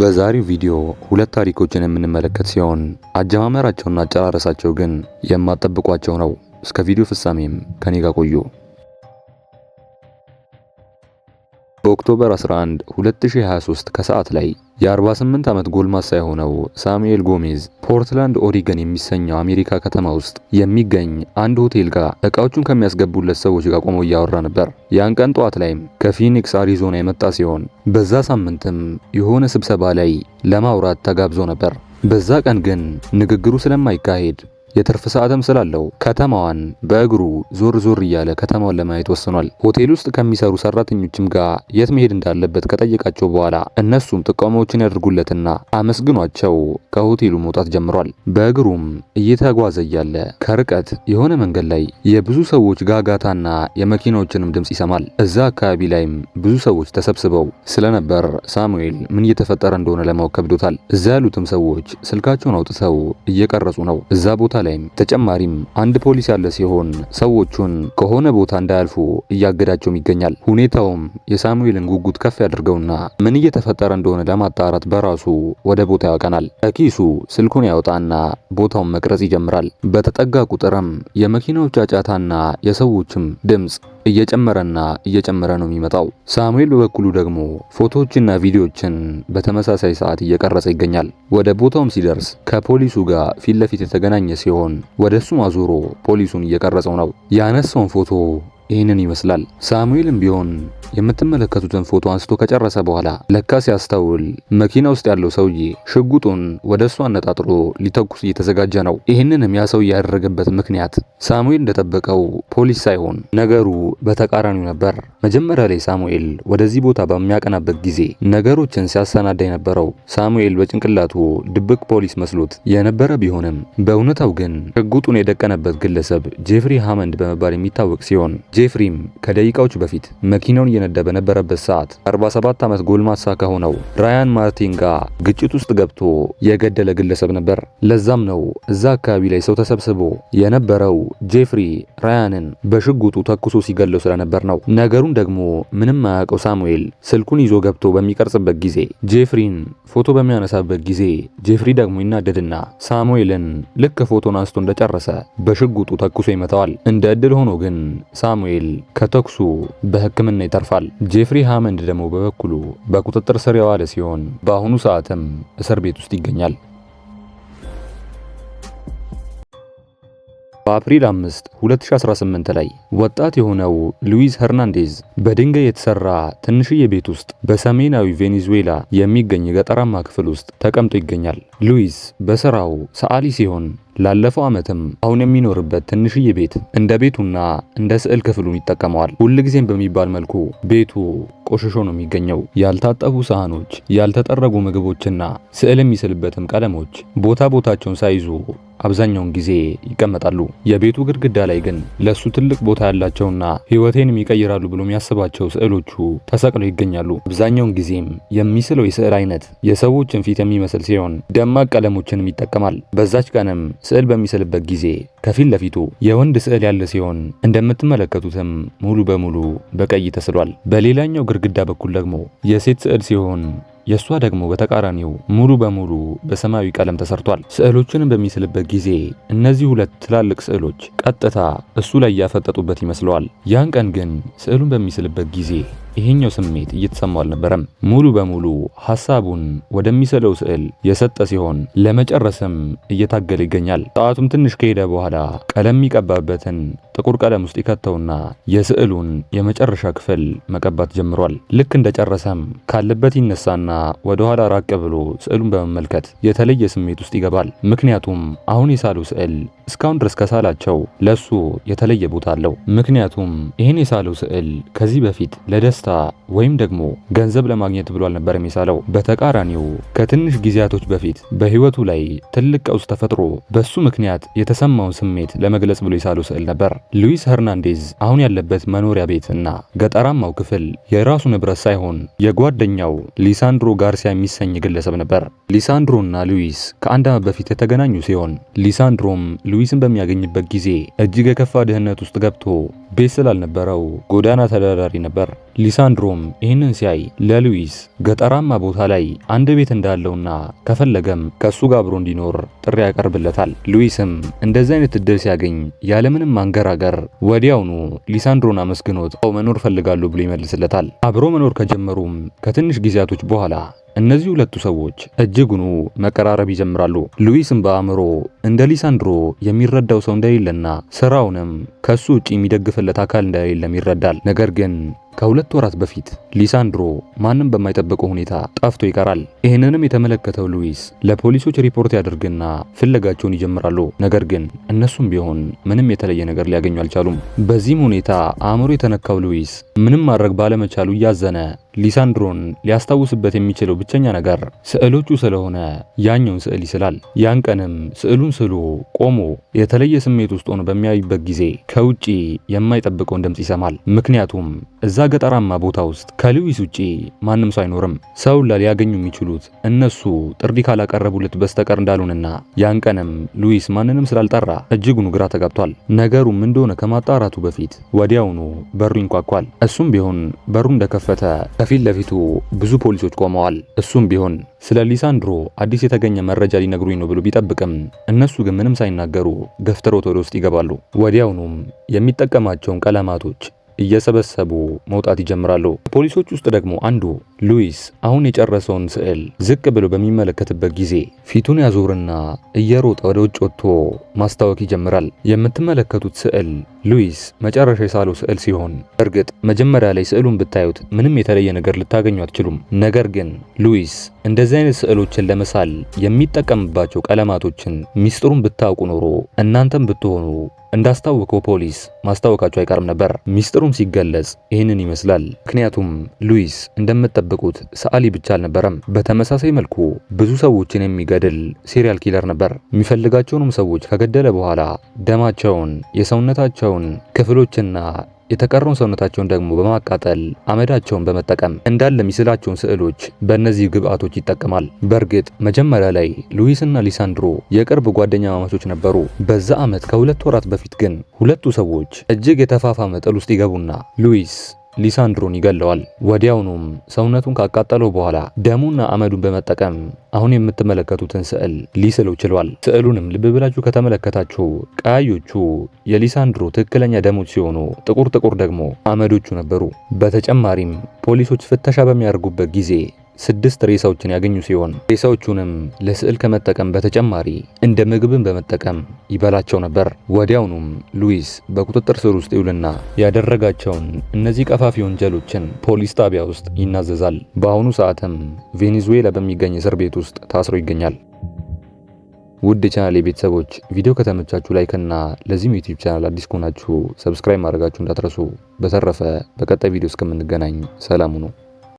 በዛሬው ቪዲዮ ሁለት ታሪኮችን የምንመለከት ሲሆን አጀማመራቸውና አጨራረሳቸው ግን የማጠብቋቸው ነው። እስከ ቪዲዮ ፍጻሜም ከኔ ጋር ቆዩ። በኦክቶበር 11 2023 ከሰዓት ላይ የ48 ዓመት ጎልማሳ የሆነው ሳሙኤል ጎሜዝ ፖርትላንድ ኦሪገን የሚሰኘው አሜሪካ ከተማ ውስጥ የሚገኝ አንድ ሆቴል ጋር እቃዎቹን ከሚያስገቡለት ሰዎች ጋር ቆመው እያወራ ነበር። ያን ቀን ጠዋት ላይም ከፊኒክስ አሪዞና የመጣ ሲሆን በዛ ሳምንትም የሆነ ስብሰባ ላይ ለማውራት ተጋብዞ ነበር። በዛ ቀን ግን ንግግሩ ስለማይካሄድ የትርፍ ሰዓትም ስላለው ከተማዋን በእግሩ ዞር ዞር እያለ ከተማዋን ለማየት ወስኗል። ሆቴል ውስጥ ከሚሰሩ ሰራተኞችም ጋር የት መሄድ እንዳለበት ከጠየቃቸው በኋላ እነሱም ጥቆማዎችን ያደርጉለትና አመስግኗቸው ከሆቴሉ መውጣት ጀምሯል። በእግሩም እየተጓዘ እያለ ከርቀት የሆነ መንገድ ላይ የብዙ ሰዎች ጋጋታና የመኪናዎችንም ድምፅ ይሰማል። እዛ አካባቢ ላይም ብዙ ሰዎች ተሰብስበው ስለነበር ሳሙኤል ምን እየተፈጠረ እንደሆነ ለማወቅ ከብዶታል። እዛ ያሉትም ሰዎች ስልካቸውን አውጥተው እየቀረጹ ነው። እዛ ቦታ ላይ ተጨማሪም አንድ ፖሊስ ያለ ሲሆን ሰዎቹን ከሆነ ቦታ እንዳያልፉ እያገዳቸውም ይገኛል። ሁኔታውም የሳሙኤልን ጉጉት ከፍ ያደርገውና ምን እየተፈጠረ እንደሆነ ለማጣራት በራሱ ወደ ቦታ ያውቀናል። ከኪሱ ስልኩን ያወጣና ቦታውን መቅረጽ ይጀምራል። በተጠጋ ቁጥርም የመኪናዎች ጫጫታና የሰዎችም ድምፅ እየጨመረና እየጨመረ ነው የሚመጣው። ሳሙኤል በበኩሉ ደግሞ ፎቶዎችና ቪዲዮዎችን በተመሳሳይ ሰዓት እየቀረጸ ይገኛል። ወደ ቦታውም ሲደርስ ከፖሊሱ ጋር ፊት ለፊት የተገናኘ ሲሆን ወደ እሱ አዙሮ ፖሊሱን እየቀረጸው ነው። ያነሳውን ፎቶ ይህንን ይመስላል። ሳሙኤልም ቢሆን የምትመለከቱትን ፎቶ አንስቶ ከጨረሰ በኋላ ለካ ሲያስተውል መኪና ውስጥ ያለው ሰውዬ ሽጉጡን ወደ እሱ አነጣጥሮ ሊተኩስ እየተዘጋጀ ነው። ይህንንም ያ ሰውዬ ያደረገበት ምክንያት ሳሙኤል እንደጠበቀው ፖሊስ ሳይሆን ነገሩ በተቃራኒው ነበር። መጀመሪያ ላይ ሳሙኤል ወደዚህ ቦታ በሚያቀናበት ጊዜ ነገሮችን ሲያሰናዳ የነበረው ሳሙኤል በጭንቅላቱ ድብቅ ፖሊስ መስሎት የነበረ ቢሆንም በእውነታው ግን ሽጉጡን የደቀነበት ግለሰብ ጄፍሪ ሃመንድ በመባል የሚታወቅ ሲሆን ጄፍሪም ከደቂቃዎች በፊት መኪናውን እየነዳ በነበረበት ሰዓት 47 ዓመት ጎልማሳ ከሆነው ራያን ማርቲን ጋር ግጭት ውስጥ ገብቶ የገደለ ግለሰብ ነበር። ለዛም ነው እዛ አካባቢ ላይ ሰው ተሰብስቦ የነበረው ጄፍሪ ራያንን በሽጉጡ ተኩሶ ሲገለው ስለነበር ነው። ነገሩን ደግሞ ምንም አያውቀው ሳሙኤል ስልኩን ይዞ ገብቶ በሚቀርጽበት ጊዜ ጄፍሪን ፎቶ በሚያነሳበት ጊዜ ጄፍሪ ደግሞ ይናደድና ሳሙኤልን ልክ ፎቶን አንስቶ እንደጨረሰ በሽጉጡ ተኩሶ ይመታዋል። እንደ እድል ሆኖ ግን ሳሙኤል ሳሙኤል ከተኩሱ በሕክምና ይተርፋል። ጄፍሪ ሃመንድ ደግሞ በበኩሉ በቁጥጥር ስር የዋለ ሲሆን በአሁኑ ሰዓትም እስር ቤት ውስጥ ይገኛል። በአፕሪል 5 2018 ላይ ወጣት የሆነው ሉዊስ ሄርናንዴዝ በድንጋይ የተሰራ ትንሽዬ ቤት ውስጥ በሰሜናዊ ቬኔዙዌላ የሚገኝ ገጠራማ ክፍል ውስጥ ተቀምጦ ይገኛል። ሉዊስ በስራው ሰዓሊ ሲሆን ላለፈው ዓመትም አሁን የሚኖርበት ትንሽዬ ቤት እንደ ቤቱና እንደ ስዕል ክፍሉ ይጠቀመዋል። ሁልጊዜም በሚባል መልኩ ቤቱ ቆሽሾ ነው የሚገኘው። ያልታጠቡ ሳህኖች፣ ያልተጠረጉ ምግቦችና ስዕል የሚስልበትም ቀለሞች ቦታ ቦታቸውን ሳይዙ አብዛኛውን ጊዜ ይቀመጣሉ። የቤቱ ግድግዳ ላይ ግን ለሱ ትልቅ ቦታ ያላቸውና ሕይወቴንም ይቀይራሉ ብሎ የሚያስባቸው ስዕሎቹ ተሰቅለው ይገኛሉ። አብዛኛውን ጊዜም የሚስለው የስዕል አይነት የሰዎችን ፊት የሚመስል ሲሆን ደማቅ ቀለሞችንም ይጠቀማል። በዛች ቀንም ስዕል በሚስልበት ጊዜ ከፊት ለፊቱ የወንድ ስዕል ያለ ሲሆን እንደምትመለከቱትም ሙሉ በሙሉ በቀይ ተስሏል። በሌላኛው ግድግዳ በኩል ደግሞ የሴት ስዕል ሲሆን የእሷ ደግሞ በተቃራኒው ሙሉ በሙሉ በሰማያዊ ቀለም ተሰርቷል። ስዕሎቹንም በሚስልበት ጊዜ እነዚህ ሁለት ትላልቅ ስዕሎች ቀጥታ እሱ ላይ ያፈጠጡበት ይመስለዋል። ያን ቀን ግን ስዕሉን በሚስልበት ጊዜ ይሄኛው ስሜት እየተሰማው አልነበረም። ሙሉ በሙሉ ሀሳቡን ወደሚስለው ስዕል የሰጠ ሲሆን ለመጨረስም እየታገለ ይገኛል። ጣቱም ትንሽ ከሄደ በኋላ ቀለም የሚቀባበትን ጥቁር ቀለም ውስጥ ይከተውና የስዕሉን የመጨረሻ ክፍል መቀባት ጀምሯል። ልክ እንደጨረሰም ካለበት ይነሳና ወደ ኋላ ራቅ ብሎ ስዕሉን በመመልከት የተለየ ስሜት ውስጥ ይገባል። ምክንያቱም አሁን የሳለው ስዕል እስካሁን ድረስ ከሳላቸው ለሱ የተለየ ቦታ አለው። ምክንያቱም ይህን የሳለው ስዕል ከዚህ በፊት ለደስ ደስታ ወይም ደግሞ ገንዘብ ለማግኘት ብሎ አልነበረም የሚሳለው በተቃራኒው ከትንሽ ጊዜያቶች በፊት በህይወቱ ላይ ትልቅ ቀውስ ተፈጥሮ በሱ ምክንያት የተሰማውን ስሜት ለመግለጽ ብሎ የሳለው ስዕል ነበር። ሉዊስ ሄርናንዴዝ አሁን ያለበት መኖሪያ ቤት እና ገጠራማው ክፍል የራሱ ንብረት ሳይሆን የጓደኛው ሊሳንድሮ ጋርሲያ የሚሰኝ ግለሰብ ነበር። ሊሳንድሮ እና ሉዊስ ከአንድ ዓመት በፊት የተገናኙ ሲሆን ሊሳንድሮም ሉዊስን በሚያገኝበት ጊዜ እጅግ የከፋ ድህነት ውስጥ ገብቶ ቤት ስላልነበረው ጎዳና ተዳዳሪ ነበር። ሊሳንድሮም ይህንን ሲያይ ለሉዊስ ገጠራማ ቦታ ላይ አንድ ቤት እንዳለውና ከፈለገም ከእሱ ጋር አብሮ እንዲኖር ጥሪ ያቀርብለታል። ሉዊስም እንደዚህ አይነት እድል ሲያገኝ ያለምንም ማንገራገር ወዲያውኑ ሊሳንድሮን አመስግኖት መኖር ፈልጋለሁ ብሎ ይመልስለታል። አብሮ መኖር ከጀመሩም ከትንሽ ጊዜያቶች በኋላ እነዚህ ሁለቱ ሰዎች እጅጉኑ መቀራረብ ይጀምራሉ። ሉዊስም በአእምሮ እንደ ሊሳንድሮ የሚረዳው ሰው እንደሌለና ስራውንም ከሱ ውጪ የሚደግፍለት አካል እንደሌለም ይረዳል። ነገር ግን ከሁለት ወራት በፊት ሊሳንድሮ ማንም በማይጠብቀው ሁኔታ ጠፍቶ ይቀራል። ይህንንም የተመለከተው ሉዊስ ለፖሊሶች ሪፖርት ያደርግና ፍለጋቸውን ይጀምራሉ። ነገር ግን እነሱም ቢሆን ምንም የተለየ ነገር ሊያገኙ አልቻሉም። በዚህም ሁኔታ አእምሮ የተነካው ሉዊስ ምንም ማድረግ ባለመቻሉ እያዘነ ሊሳንድሮን ሊያስታውስበት የሚችለው ብቸኛ ነገር ስዕሎቹ ስለሆነ ያኛውን ስዕል ይስላል። ያን ቀንም ስዕሉን ስሎ ቆሞ የተለየ ስሜት ውስጥ ሆኖ በሚያይበት ጊዜ ከውጪ የማይጠብቀውን ድምፅ ይሰማል። ምክንያቱም እዛ ገጠራማ ቦታ ውስጥ ከሉዊስ ውጪ ማንም ሰው አይኖርም። ሰውን ሊያገኙ የሚችሉት እነሱ ጥሪ ካላቀረቡለት በስተቀር እንዳሉንና ያን ቀንም ሉዊስ ማንንም ስላልጠራ እጅጉን ግራ ተጋብቷል። ነገሩም እንደሆነ ከማጣራቱ በፊት ወዲያውኑ በሩ ይንኳኳል። እሱም ቢሆን በሩ እንደከፈተ ከፊት ለፊቱ ብዙ ፖሊሶች ቆመዋል። እሱም ቢሆን ስለ ሊሳንድሮ አዲስ የተገኘ መረጃ ሊነግሩኝ ነው ብሎ ቢጠብቅም እነሱ ግን ምንም ሳይናገሩ ገፍተሮ ወደ ውስጥ ይገባሉ። ወዲያውኑም የሚጠቀማቸውን ቀለማቶች እየሰበሰቡ መውጣት ይጀምራሉ። ፖሊሶች ውስጥ ደግሞ አንዱ ሉዊስ አሁን የጨረሰውን ስዕል ዝቅ ብሎ በሚመለከትበት ጊዜ ፊቱን ያዞርና እየሮጠ ወደ ውጭ ወጥቶ ማስታወቅ ይጀምራል። የምትመለከቱት ስዕል ሉዊስ መጨረሻ የሳለው ስዕል ሲሆን እርግጥ መጀመሪያ ላይ ስዕሉን ብታዩት ምንም የተለየ ነገር ልታገኙ አትችሉም። ነገር ግን ሉዊስ እንደዚህ አይነት ስዕሎችን ለመሳል የሚጠቀምባቸው ቀለማቶችን ሚስጥሩን ብታውቁ ኖሮ እናንተም ብትሆኑ እንዳስታወቀው ፖሊስ ማስታወቃቸው አይቀርም ነበር። ሚስጥሩም ሲገለጽ ይህንን ይመስላል። ምክንያቱም ሉዊስ እንደምጠብቀው የሚጠብቁት ሰዓሊ ብቻ አልነበረም። በተመሳሳይ መልኩ ብዙ ሰዎችን የሚገድል ሴሪያል ኪለር ነበር። የሚፈልጋቸውንም ሰዎች ከገደለ በኋላ ደማቸውን፣ የሰውነታቸውን ክፍሎችና የተቀረውን ሰውነታቸውን ደግሞ በማቃጠል አመዳቸውን በመጠቀም እንዳለ የሚስላቸውን ስዕሎች በእነዚህ ግብአቶች ይጠቀማል። በእርግጥ መጀመሪያ ላይ ሉዊስና ሊሳንድሮ የቅርብ ጓደኛ ማማቾች ነበሩ። በዛ ዓመት ከሁለት ወራት በፊት ግን ሁለቱ ሰዎች እጅግ የተፋፋመ ጥል ውስጥ ይገቡና ሉዊስ ሊሳንድሮን ይገለዋል። ወዲያውኑም ሰውነቱን ካቃጠለው በኋላ ደሙና አመዱን በመጠቀም አሁን የምትመለከቱትን ስዕል ሊስለው ችሏል። ስዕሉንም ልብ ብላችሁ ከተመለከታችሁ ቀያዮቹ የሊሳንድሮ ትክክለኛ ደሞች ሲሆኑ፣ ጥቁር ጥቁር ደግሞ አመዶቹ ነበሩ። በተጨማሪም ፖሊሶች ፍተሻ በሚያደርጉበት ጊዜ ስድስት ሬሳዎችን ያገኙ ሲሆን ሬሳዎቹንም ለስዕል ከመጠቀም በተጨማሪ እንደ ምግብን በመጠቀም ይበላቸው ነበር። ወዲያውኑም ሉዊስ በቁጥጥር ስር ውስጥ ይውልና ያደረጋቸውን እነዚህ ቀፋፊ ወንጀሎችን ፖሊስ ጣቢያ ውስጥ ይናዘዛል። በአሁኑ ሰዓትም ቬኔዙዌላ በሚገኝ እስር ቤት ውስጥ ታስሮ ይገኛል። ውድ የቻናሌ ቤተሰቦች ቪዲዮ ከተመቻችሁ ላይክና ለዚህም ዩቲዩብ ቻናል አዲስ ከሆናችሁ ሰብስክራይብ ማድረጋችሁ እንዳትረሱ። በተረፈ በቀጣይ ቪዲዮ እስከምንገናኝ ሰላም ነው።